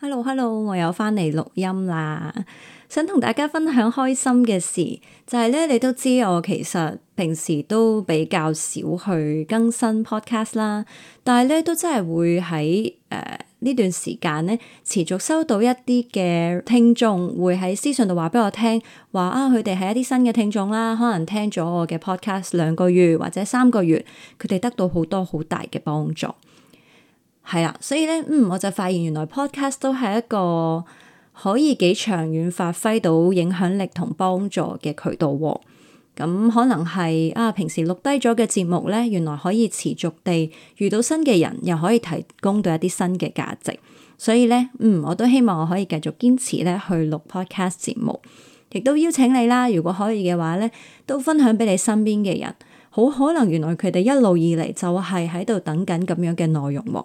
Hello，Hello，hello，我又翻嚟錄音啦，想同大家分享開心嘅事，就係咧，你都知我其實平時都比較少去更新 Podcast 啦，但係咧都真係會喺誒呢段時間咧持續收到一啲嘅聽眾會喺私信度話俾我聽話啊，佢哋係一啲新嘅聽眾啦，可能聽咗我嘅 Podcast 兩個月或者三個月，佢哋得到好多好大嘅幫助。係啦，所以咧，嗯，我就發現原來 podcast 都係一個可以幾長遠發揮到影響力同幫助嘅渠道喎。咁，嗯，可能係啊，平時錄低咗嘅節目咧，原來可以持續地遇到新嘅人，又可以提供到一啲新嘅價值。所以咧，嗯，我都希望我可以繼續堅持咧去錄 podcast 節目，亦都邀請你啦。如果可以嘅話咧，都分享俾你身邊嘅人，好可能原來佢哋一路以嚟就係喺度等緊咁樣嘅內容喎。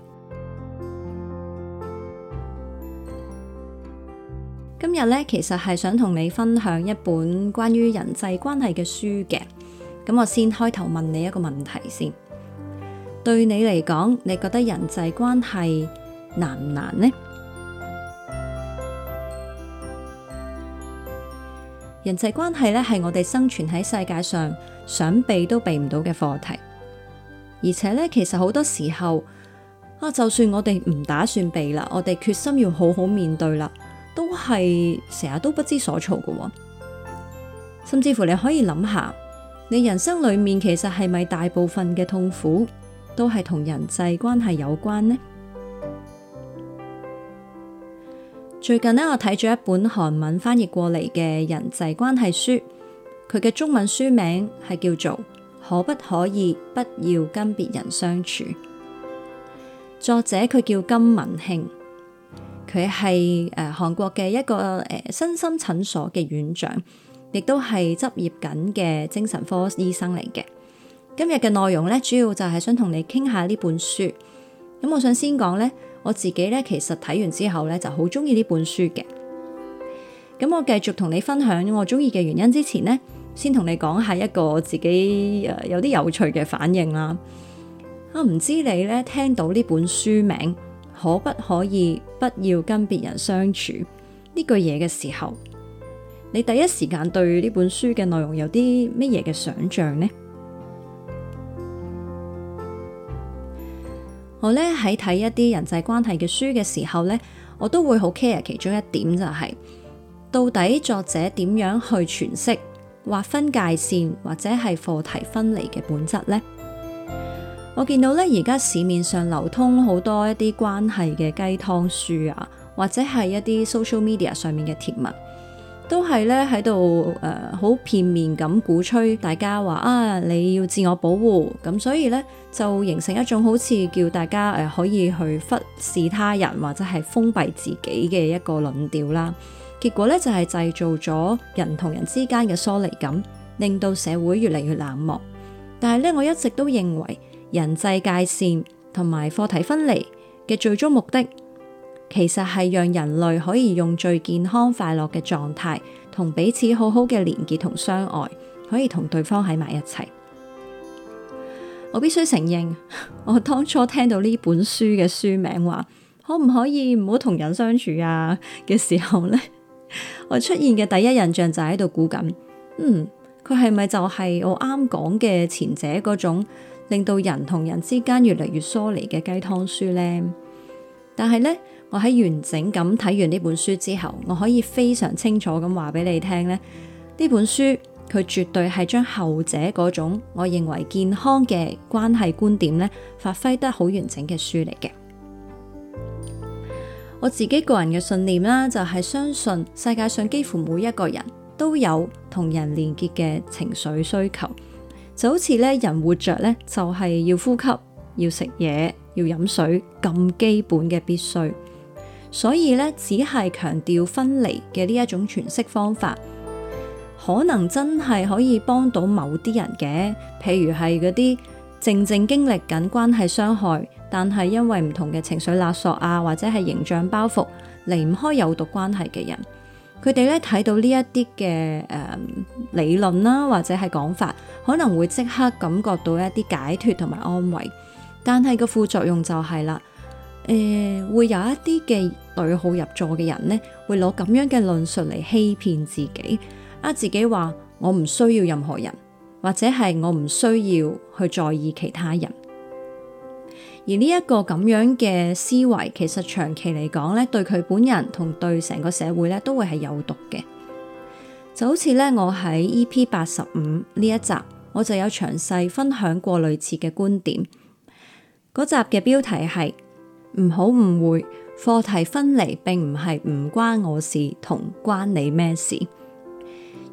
今日呢，其實係想同你分享一本關於人際關係嘅書嘅。咁我先開頭問你一個問題先，對你嚟講，你覺得人際關係難唔難呢？人際關係呢，係我哋生存喺世界上想避都避唔到嘅課題，而且呢，其實好多時候啊，就算我哋唔打算避啦，我哋決心要好好面對啦。都係成日都不知所措嘅、哦，甚至乎你可以諗下，你人生裏面其實係咪大部分嘅痛苦都係同人際關係有關呢？最近呢，我睇咗一本韓文翻譯過嚟嘅人際關係書，佢嘅中文書名係叫做《可不可以，不要跟別人相處》，作者佢叫金旼慶。佢係誒韓國嘅一個誒、呃、身心診所嘅院長，亦都係執業緊嘅精神科醫生嚟嘅。今日嘅內容咧，主要就係想同你傾下呢本書。咁我想先講咧，我自己咧其實睇完之後咧就好中意呢本書嘅。咁我繼續同你分享我中意嘅原因之前呢，先同你講下一個自己誒有啲有趣嘅反應啦。我、啊、唔知你咧聽到呢本書名。可不可以不要跟別人相處呢句嘢嘅時候，你第一時間對呢本書嘅內容有啲乜嘢嘅想象呢？ 我呢喺睇一啲人際關係嘅書嘅時候呢，我都會好 care 其中一點就係、是，到底作者點樣去詮釋、劃分界線或者係課題分離嘅本質呢？我見到咧，而家市面上流通好多一啲關係嘅雞湯書啊，或者係一啲 social media 上面嘅貼文，都係咧喺度誒好片面咁鼓吹大家話啊，你要自我保護咁，所以咧就形成一種好似叫大家誒、呃、可以去忽視他人或者係封閉自己嘅一個論調啦。結果咧就係、是、製造咗人同人之間嘅疏離感，令到社會越嚟越冷漠。但係咧我一直都認為，人際界線同埋課題分離嘅最終目的，其實係讓人類可以用最健康快樂嘅狀態，同彼此好好嘅連結同相愛，可以同對方喺埋一齊。我必須承認，我當初聽到呢本書嘅書名話，可唔可以唔好同人相處啊嘅時候咧， 我出現嘅第一印象就喺度估緊，嗯，佢係咪就係我啱講嘅前者嗰種？令到人同人之間越嚟越疏離嘅雞湯書呢。但係呢，我喺完整咁睇完呢本書之後，我可以非常清楚咁話俾你聽咧，呢本書佢絕對係將後者嗰種我認為健康嘅關係觀點咧，發揮得好完整嘅書嚟嘅。我自己個人嘅信念啦，就係相信世界上幾乎每一個人都有同人連結嘅情緒需求。就好似咧，人活着咧就係要呼吸、要食嘢、要飲水咁基本嘅必須。所以咧，只係強調分離嘅呢一種詮釋方法，可能真係可以幫到某啲人嘅。譬如係嗰啲正正經歷緊關係傷害，但係因為唔同嘅情緒勒索啊，或者係形象包袱，離唔開有毒關係嘅人。佢哋咧睇到呢一啲嘅誒理論啦，或者係講法，可能會即刻感覺到一啲解脱同埋安慰，但係個副作用就係啦，誒會有一啲嘅對號入座嘅人咧，會攞咁樣嘅論述嚟欺騙自己，呃，自己話我唔需要任何人，或者係我唔需要去在意其他人。而呢一個咁樣嘅思維，其實長期嚟講咧，對佢本人同對成個社會咧，都會係有毒嘅。就好似咧，我喺 EP 85呢一集，我就有詳細分享過類似嘅觀點。嗰集嘅標題係唔好誤會，課題分離，並唔係唔關我事同關你咩事。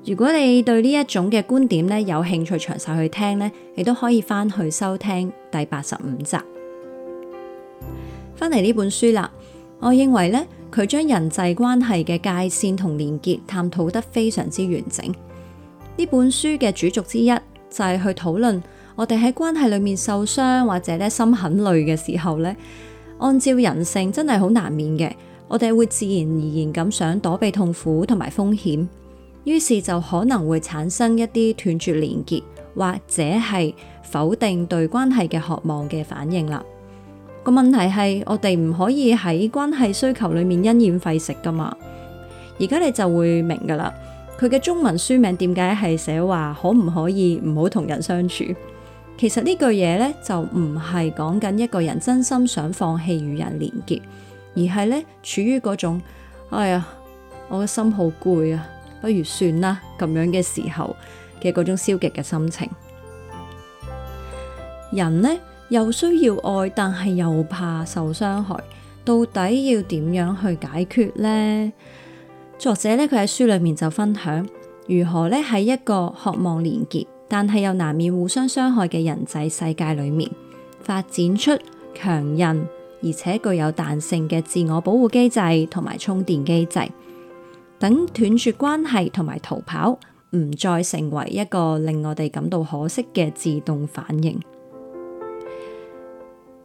如果你對呢一種嘅觀點咧有興趣，詳細去聽咧，你都可以翻去收聽第八十五集。翻嚟呢本書啦，我認為呢，佢將人際關係嘅界線同連結探討得非常之完整。呢本書嘅主軸之一就係去討論我哋喺關係裏面受傷或者咧心很累嘅時候呢，按照人性真係好難免嘅，我哋會自然而然咁想躲避痛苦同埋風險，於是就可能會產生一啲斷絕連結或者係否定對關係嘅渴望嘅反應啦。個問題係我哋唔可以喺關係需求裏面因噎廢食噶嘛？而家你就會明噶啦，佢嘅中文書名點解係寫話可唔可以唔好同人相處？其實呢句嘢咧就唔係講緊一個人真心想放棄與人連結，而係咧處於嗰種哎呀我嘅心好攰啊，不如算啦咁樣嘅時候嘅嗰種消極嘅心情。人呢。又需要愛，但係又怕受傷害，到底要點樣去解決呢？作者咧，佢喺書裡面就分享如何咧喺一個渴望連結，但係又難免互相傷害嘅人際世界裏面，發展出強韌而且具有彈性嘅自我保護機制同埋充電機制，等斷絕關係同埋逃跑，唔再成為一個令我哋感到可惜嘅自動反應。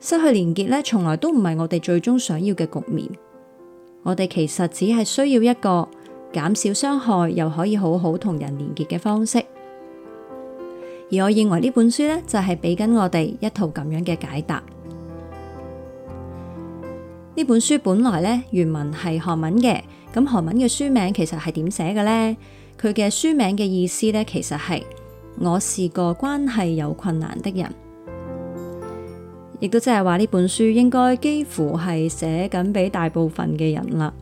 失去連結呢，從來都唔係我哋最終想要嘅局面。我哋其實只係需要一個減少傷害，又可以好好同人連結嘅方式。而我認為呢本書呢，就係俾緊我哋一套咁樣嘅解答。呢本書本來呢，原文係韓文嘅，咁韓文嘅書名其實係點寫嘅呢？佢嘅書名嘅意思呢，其實係我是個關係有困難的人。亦都即係話呢本書應該幾乎係寫緊俾大部分嘅人啦。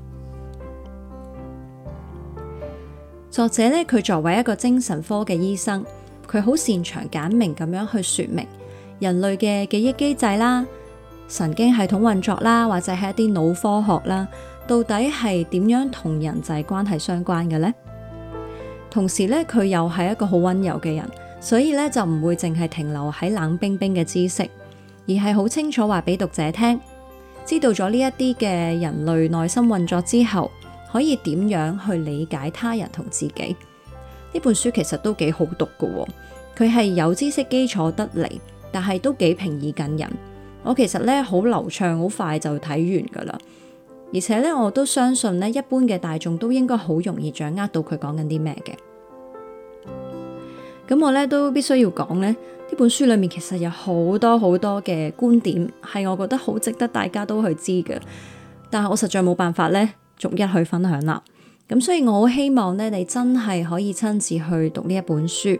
作者呢，佢作為一個精神科嘅醫生，佢好擅長簡明咁樣去說明人類嘅記憶機制啦、神經系統運作啦，或者係一啲腦科學啦，到底係點樣同人際關係相關嘅呢？同時呢，佢又係一個好溫柔嘅人，所以呢，就唔會淨係停留喺冷冰冰嘅知識。而係好清楚話俾讀者聽，知道咗呢一啲嘅人類內心運作之後，可以點樣去理解他人同自己？呢本書其實都幾好讀噶喎，佢係有知識基礎得嚟，但係都幾平易近人。我其實咧好流暢，好快就睇完噶啦。而且咧，我都相信咧，一般嘅大眾都應該好容易掌握到佢講緊啲咩嘅。咁我咧都必須要講咧。呢本書裏面其實有好多好多嘅觀點，係我覺得好值得大家都去知嘅。但係我實在冇辦法咧，逐一去分享啦。咁所以我好希望咧，你真係可以親自去讀呢一本書。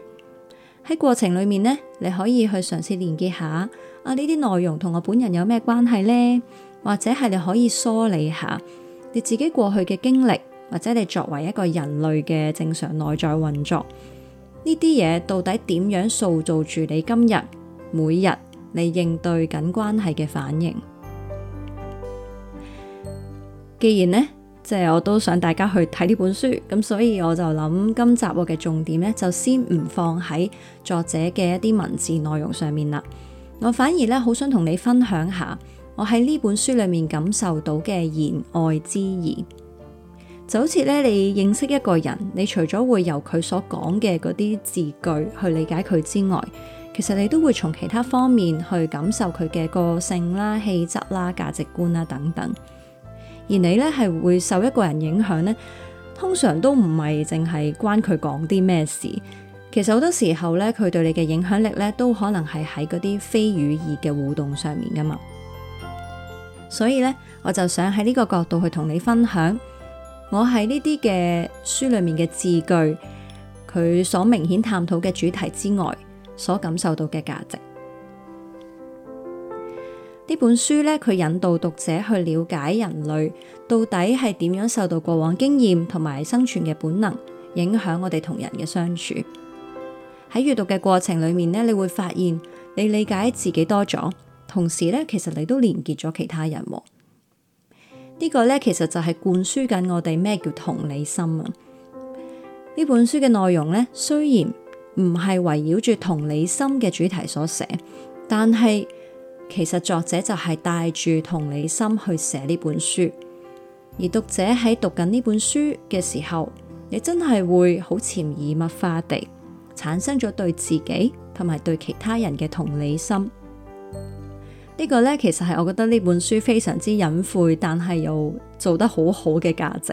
喺過程裏面呢，你可以去嘗試連結下啊呢啲內容同我本人有咩關係呢？或者係你可以梳理下你自己過去嘅經歷，或者你作為一個人類嘅正常內在運作。呢啲嘢到底點樣塑造住你今日每日你應對緊關係嘅反應？既然呢，即係我都想大家去睇呢本書，咁所以我就諗今集我嘅重點呢，就先唔放喺作者嘅一啲文字內容上面啦。我反而呢，好想同你分享下我喺呢本書裡面感受到嘅言外之言。就好似咧，你認識一個人，你除咗會由佢所講嘅嗰啲字句去理解佢之外，其實你都會從其他方面去感受佢嘅個性啦、氣質啦、價值觀啦等等。而你咧係會受一個人影響呢，通常都唔係淨係關佢講啲咩事。其實好多時候咧，佢對你嘅影響力咧，都可能係喺嗰啲非語義嘅互動上面噶嘛。所以咧，我就想喺呢個角度去同你分享。我喺呢啲嘅書裏面嘅字句，佢所明顯探討嘅主題之外，所感受到嘅價值。呢本書咧，佢引導讀者去了解人類到底係點樣受到過往經驗同埋生存嘅本能，影響我哋同人嘅相處。喺閱讀嘅過程裏面咧，你會發現你理解自己多咗，同時咧，其實你都連結咗其他人。呢個咧，其實就係灌輸緊我哋咩叫同理心啊。呢本書嘅內容咧，雖然唔係圍繞住同理心嘅主題所寫，但係其實作者就係帶住同理心去寫呢本書，而讀者喺讀緊呢本書嘅時候，你真係會好潛移默化地產生咗對自己同埋對其他人嘅同理心。個呢個咧，其實係我覺得呢本書非常之隱晦，但係又做得好好嘅價值。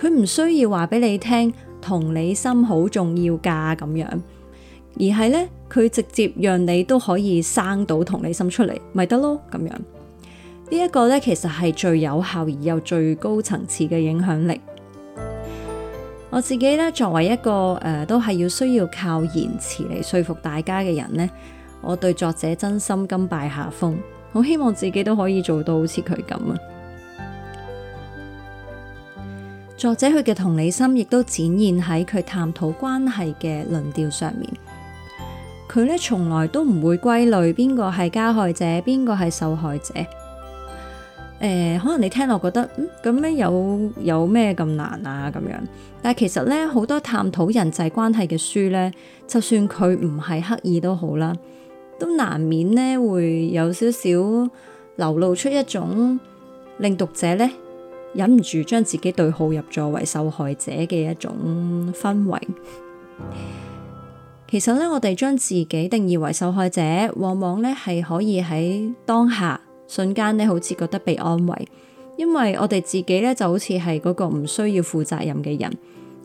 佢唔需要話俾你聽同理心好重要噶咁樣，而係咧佢直接讓你都可以生到同理心出嚟，咪得咯咁樣。這個、呢一個咧，其實係最有效而又最高層次嘅影響力。我自己咧作為一個誒、呃，都係要需要靠言辭嚟說服大家嘅人咧。我對作者真心甘拜下風，好希望自己都可以做到好似佢咁啊！作者佢嘅同理心亦都展現喺佢探討關係嘅論調上面。佢呢從來都唔會歸類邊個係加害者，邊個係受害者。誒，可能你聽落覺得嗯咁樣有有咩咁難啊咁樣，但係其實呢，好多探討人際關係嘅書呢，就算佢唔係刻意都好啦。都難免咧會有少少流露出一種令讀者咧忍唔住將自己對號入座為受害者嘅一種氛圍。其實咧，我哋將自己定義為受害者，往往咧係可以喺當下瞬間咧好似覺得被安慰，因為我哋自己咧就好似係嗰個唔需要負責任嘅人，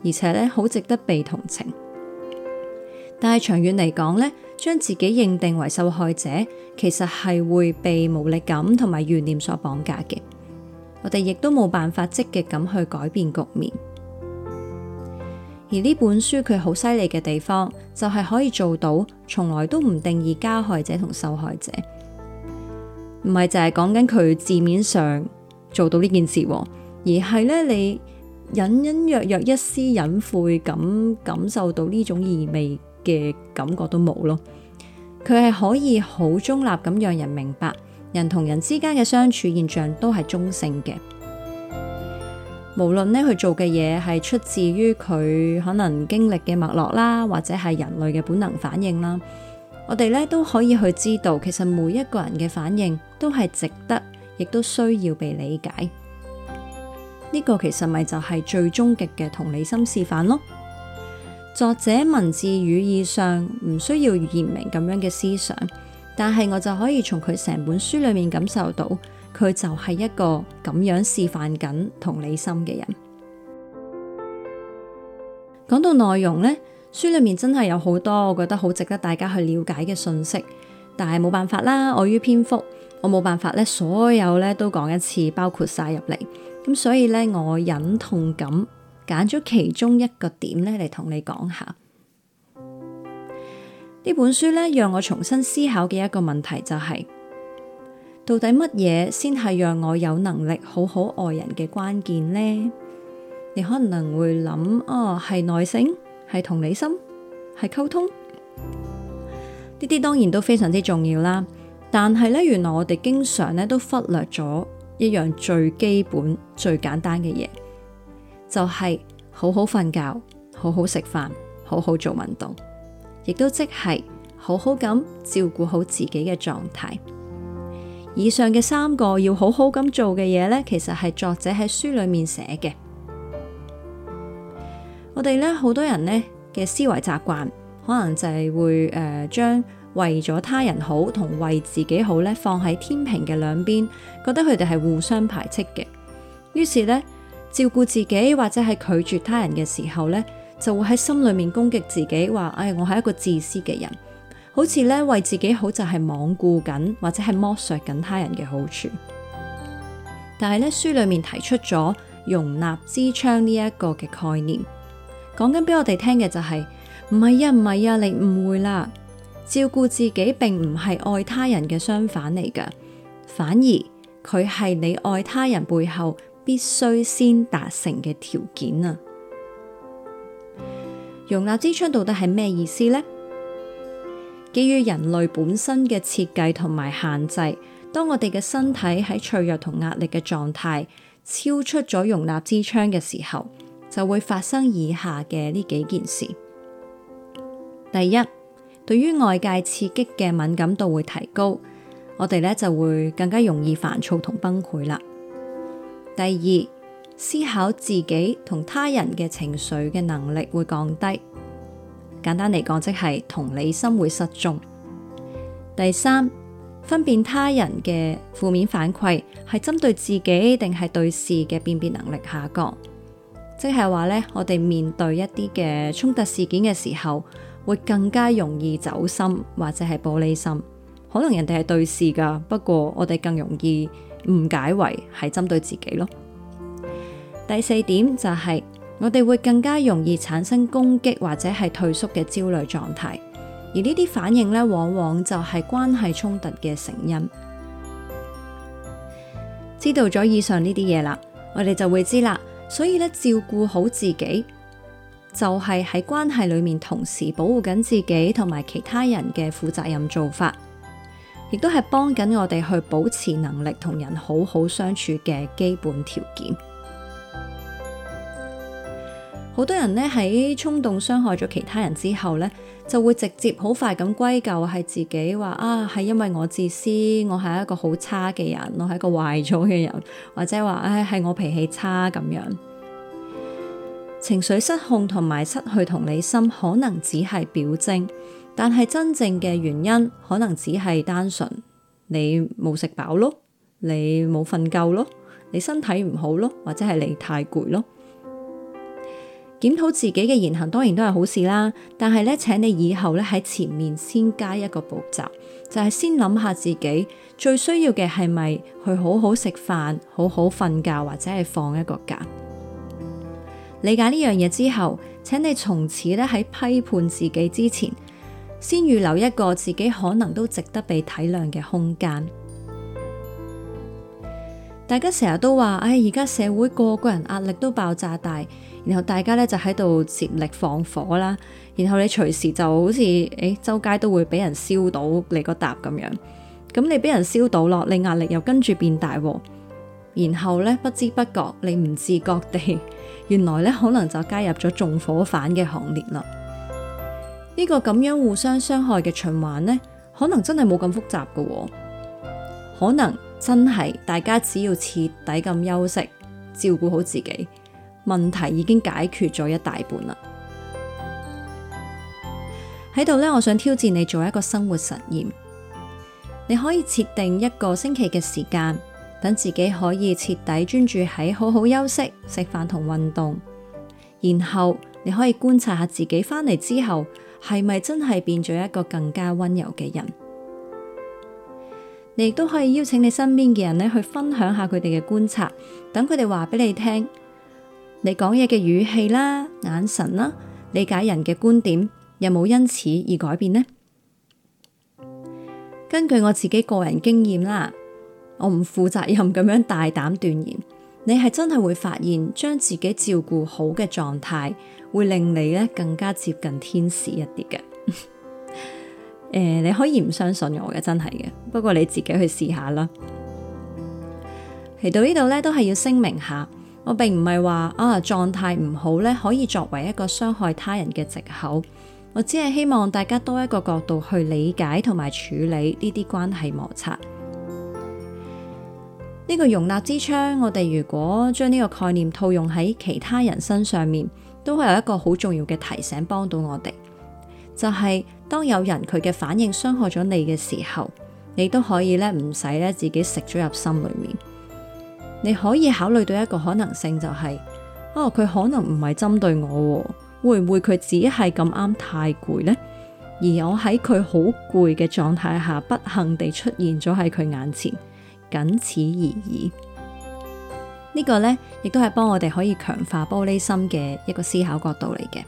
而且咧好值得被同情。但係長遠嚟講咧，將自己認定為受害者，其實係會被無力感同埋怨念所綁架嘅。我哋亦都冇辦法積極咁去改變局面。而呢本書佢好犀利嘅地方，就係、是、可以做到從來都唔定義加害者同受害者，唔係就係講緊佢字面上做到呢件事，而係咧你隱隱約約一絲隱晦咁，感受到呢種意味。嘅感覺都冇咯，佢係可以好中立咁，讓人明白人同人之間嘅相處現象都係中性嘅。無論呢佢做嘅嘢係出自於佢可能經歷嘅脈絡啦，或者係人類嘅本能反應啦，我哋咧都可以去知道，其實每一個人嘅反應都係值得，亦都需要被理解。呢個其實咪就係最終極嘅同理心示範咯。作者文字語義上唔需要言明咁樣嘅思想，但係我就可以從佢成本書裏面感受到，佢就係一個咁樣示範緊同理心嘅人。 講到內容呢，書裏面真係有好多我覺得好值得大家去了解嘅信息，但係冇辦法啦，礙於篇幅，我冇辦法咧，所有咧都講一次，包括晒入嚟，咁所以呢，我忍痛咁。揀咗其中一個點咧嚟，同你講下，呢本書咧讓我重新思考嘅一個問題就係，到底乜嘢先係讓我有能力好好愛人嘅關鍵呢？你可能會諗哦，係耐性，係同理心，係溝通，呢啲當然都非常之重要啦。但係咧，原來我哋經常咧都忽略咗一樣最基本、最簡單嘅嘢。就係好好瞓覺，好好食飯，好好做運動，亦都即係好好咁照顧好自己嘅狀態。以上嘅三個要好好咁做嘅嘢呢，其實係作者喺書裏面寫嘅。我哋呢好多人呢嘅思維習慣，可能就係會誒將、呃、為咗他人好同為自己好呢放喺天平嘅兩邊，覺得佢哋係互相排斥嘅，於是呢，照顧自己或者係拒絕他人嘅時候呢，就會喺心裏面攻擊自己，話：誒、哎，我係一個自私嘅人，好似呢，為自己好就係罔顧緊或者係剝削緊他人嘅好處。但係呢，書裏面提出咗容納之窗呢一個嘅概念，講緊俾我哋聽嘅就係唔係呀，唔係呀，你誤會啦，照顧自己並唔係愛他人嘅相反嚟噶，反而佢係你愛他人背後。必須先達成嘅條件啊！容納之窗到底係咩意思呢？基於人類本身嘅設計同埋限制，當我哋嘅身體喺脆弱同壓力嘅狀態，超出咗容納之窗嘅時候，就會發生以下嘅呢幾件事。第一，對於外界刺激嘅敏感度會提高，我哋咧就會更加容易煩躁同崩潰啦。第二，思考自己同他人嘅情緒嘅能力會降低。簡單嚟講，即係同理心會失蹤。第三，分辨他人嘅負面反饋係針對自己定係對事嘅辨別能力下降，即係話咧，我哋面對一啲嘅衝突事件嘅時候，會更加容易走心或者係玻璃心。可能人哋係對事㗎，不過我哋更容易。誤解為係針對自己咯。第四點就係我哋會更加容易產生攻擊或者係退縮嘅焦慮狀態，而呢啲反應咧，往往就係關係衝突嘅成因。知道咗以上呢啲嘢啦，我哋就會知啦。所以咧，照顧好自己就係喺關係裡面同時保護緊自己同埋其他人嘅負責任做法。亦都係幫緊我哋去保持能力同人好好相處嘅基本條件。好多人呢，喺衝動傷害咗其他人之後呢，就會直接好快咁歸咎係自己，話啊，係因為我自私，我係一個好差嘅人，我係一個壞咗嘅人，或者話唉，係我脾氣差咁樣，情緒失控同埋失去同理心，可能只係表徵。但係真正嘅原因可能只係單純你冇食飽咯，你冇瞓夠咯，你身體唔好咯，或者係你太攰咯。檢討自己嘅言行當然都係好事啦，但係咧，請你以後咧喺前面先加一個步驟，就係先諗下自己最需要嘅係咪去好好食飯、好好瞓覺或者係放一個假。理解呢樣嘢之後，請你從此咧喺批判自己之前。先預留一個自己可能都值得被體諒嘅空間。大家成日都話：唉，而家社會個個人壓力都爆炸大，然後大家咧就喺度接力放火啦。然後你隨時就好似，唉，周街都會俾人燒到你個檔咁樣。咁你俾人燒到咯，你壓力又跟住變大喎。然後咧，不知不覺，你唔自覺地，原來咧可能就加入咗縱火犯嘅行列啦。呢個咁樣互相傷害嘅循環呢，可能真係冇咁複雜噶喎，可能真係大家只要徹底咁休息，照顧好自己，問題已經解決咗一大半啦。喺度 呢，我想挑戰你做一個生活實驗，你可以設定一個星期嘅時間，等自己可以徹底專注喺好好休息、食飯同運動，然後你可以觀察下自己返嚟之後。係咪真係變咗一個更加溫柔嘅人？你亦都可以邀請你身邊嘅人呢，去分享下佢哋嘅觀察，等佢哋話俾你聽。你講嘢嘅語氣啦、眼神啦，理解人嘅觀點，有冇因此而改變呢？根據我自己個人經驗啦，我唔負責任咁樣大膽斷言。你係真係會發現，將自己照顧好嘅狀態，會令你咧更加接近天使一啲嘅。誒、 呃，你可以唔相信我嘅，真係嘅。不過你自己去試下啦。嚟到呢度咧，都係要聲明下，我並唔係話啊狀態唔好咧，可以作為一個傷害他人嘅藉口。我只係希望大家多一個角度去理解同埋處理呢啲關係摩擦。呢個容納之窗，我哋如果將呢個概念套用喺其他人身上面，都係有一個好重要嘅提醒，幫到我哋。就係、是、當有人佢嘅反應傷害咗你嘅時候，你都可以咧唔使咧自己食咗入心裏面。你可以考慮到一個可能性，就是，就係哦，佢可能唔係針對我，會唔會佢只係咁啱太攰呢？而我喺佢好攰嘅狀態下，不幸地出現咗喺佢眼前。僅此 而已。呢、這個呢，亦都係幫我哋可以強化玻璃心嘅一個思考角度嚟嘅。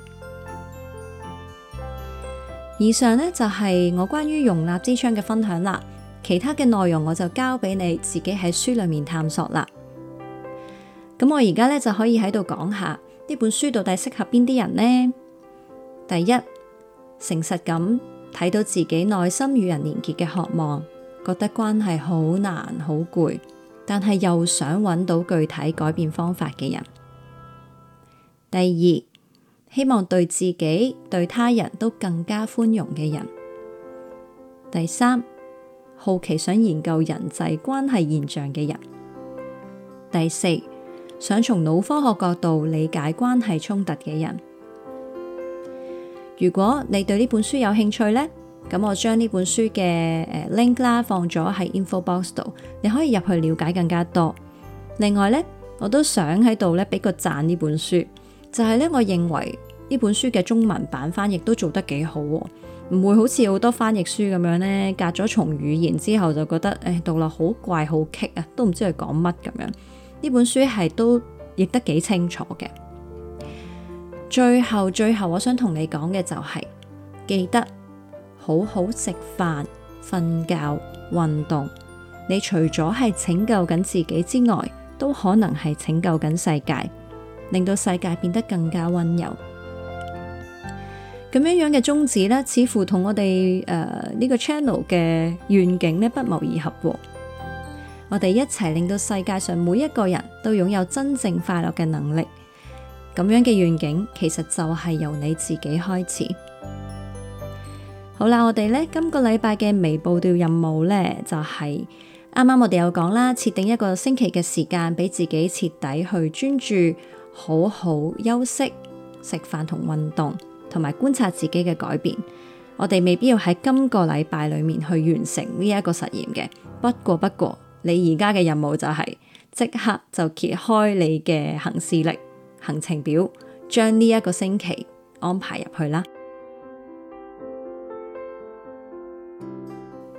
以上呢，就係、是、我關於容納之窗嘅分享啦。其他嘅內容我就交俾你自己喺書裏面探索啦。咁我而家呢，就可以喺度講下呢本書到底適合邊啲人呢？第一，誠實咁睇到自己內心與人連結嘅渴望。覺得關係好難好攰，但係又想揾到具體改變方法嘅人；第二，希望對自己對他人都更加寬容嘅人；第三，好奇想研究人際關係現象嘅人；第四，想從腦科學角度理解關係衝突嘅人。如果你對呢本書有興趣呢。咁我將呢本書嘅誒 link 啦，放咗喺 info box 度，你可以入去了解更加多。另外呢，我都想喺度呢俾個讚呢本書，就係呢，我認為呢本書嘅中文版翻譯都做得幾好，唔會好似好多翻譯書咁樣呢，隔咗重語言之後就覺得誒讀落好怪好棘啊，都唔知佢講乜咁樣，呢本書係都譯得幾清楚嘅。最後最後，我想同你講嘅就係記得好好食飯、瞓覺、運動，你除咗係拯救緊自己之外，都可能係拯救緊世界，令到世界變得更加温柔。咁樣樣嘅宗旨呢，似乎同我哋誒呢個 channel 嘅願景呢不謀而合。我哋一齊令到世界上每一個人都擁有真正快樂嘅能力。咁樣嘅願景，其實就係由你自己開始。好啦，我哋咧今個禮拜嘅微步調任務咧，就係啱啱我哋有講啦，設定一個星期嘅時間俾自己徹底去專注，好好休息、食飯同運動，同埋觀察自己嘅改變。我哋未必要喺今個禮拜裏面去完成呢一個實驗嘅。不過不過，你而家嘅任務就係即刻就揭開你嘅行事曆行程表，將呢一個星期安排入去啦。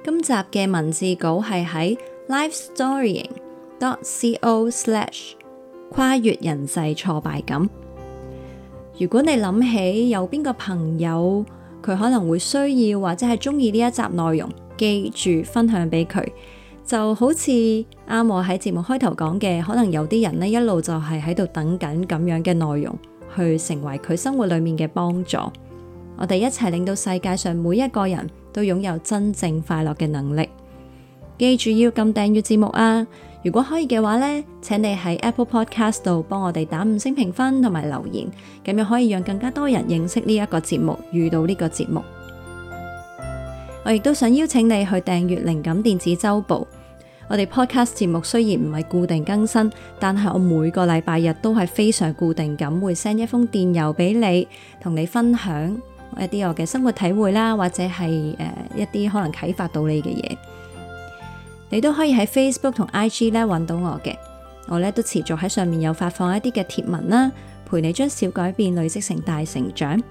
今集嘅文字稿係喺 lifestorying.co/slash 跨越人際挫敗感。如果你諗起有邊個朋友，佢可能會需要或者係中意呢一集內容，記住分享俾佢。就好似啱我喺節目開頭講嘅，可能有啲人呢一路就係喺度等緊咁樣嘅內容，去成為佢生活裏面嘅幫助。我哋一齊令到世界上每一個人都擁有真正快樂嘅能力。記住要撳訂閱節目啊！如果可以嘅話咧，請你喺 Apple Podcast 度幫我哋打五星評分同埋留言，咁樣可以讓更加多人認識呢一個節目，遇到呢個節目。我亦都想邀請你去訂閱靈感電子周報。我哋 Podcast 節目雖然唔係固定更新，但係我每個禮拜日都係非常固定咁會 send 一封電郵俾你，同你分享，一啲我嘅生活體會啦，或者係誒、呃、一啲可能啟發到你嘅嘢，你都可以喺 Facebook 同 IG 咧揾到我嘅。我呢都持續喺上面有發放一啲嘅貼文啦，陪你將小改變累積成大成長。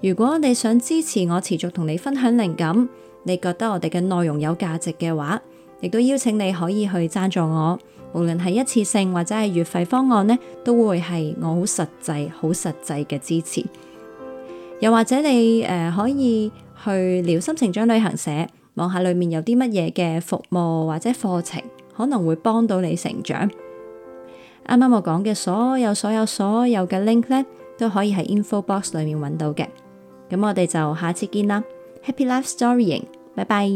如果你想支持我持續同你分享靈感，你覺得我哋嘅內容有價值嘅話，亦都邀請你可以去贊助我。無論係一次性或者係月費方案呢，都會係我好實際、好實際嘅支持。又或者你，誒，可以去療心成長旅行社，望下裏面有啲乜嘢嘅服務或者課程，可能會幫到你成長。啱啱我講嘅所有所有所有嘅 link 咧，都可以喺 info box 裏面揾到嘅。咁我哋就下次見啦，Happy Life Storying，拜拜。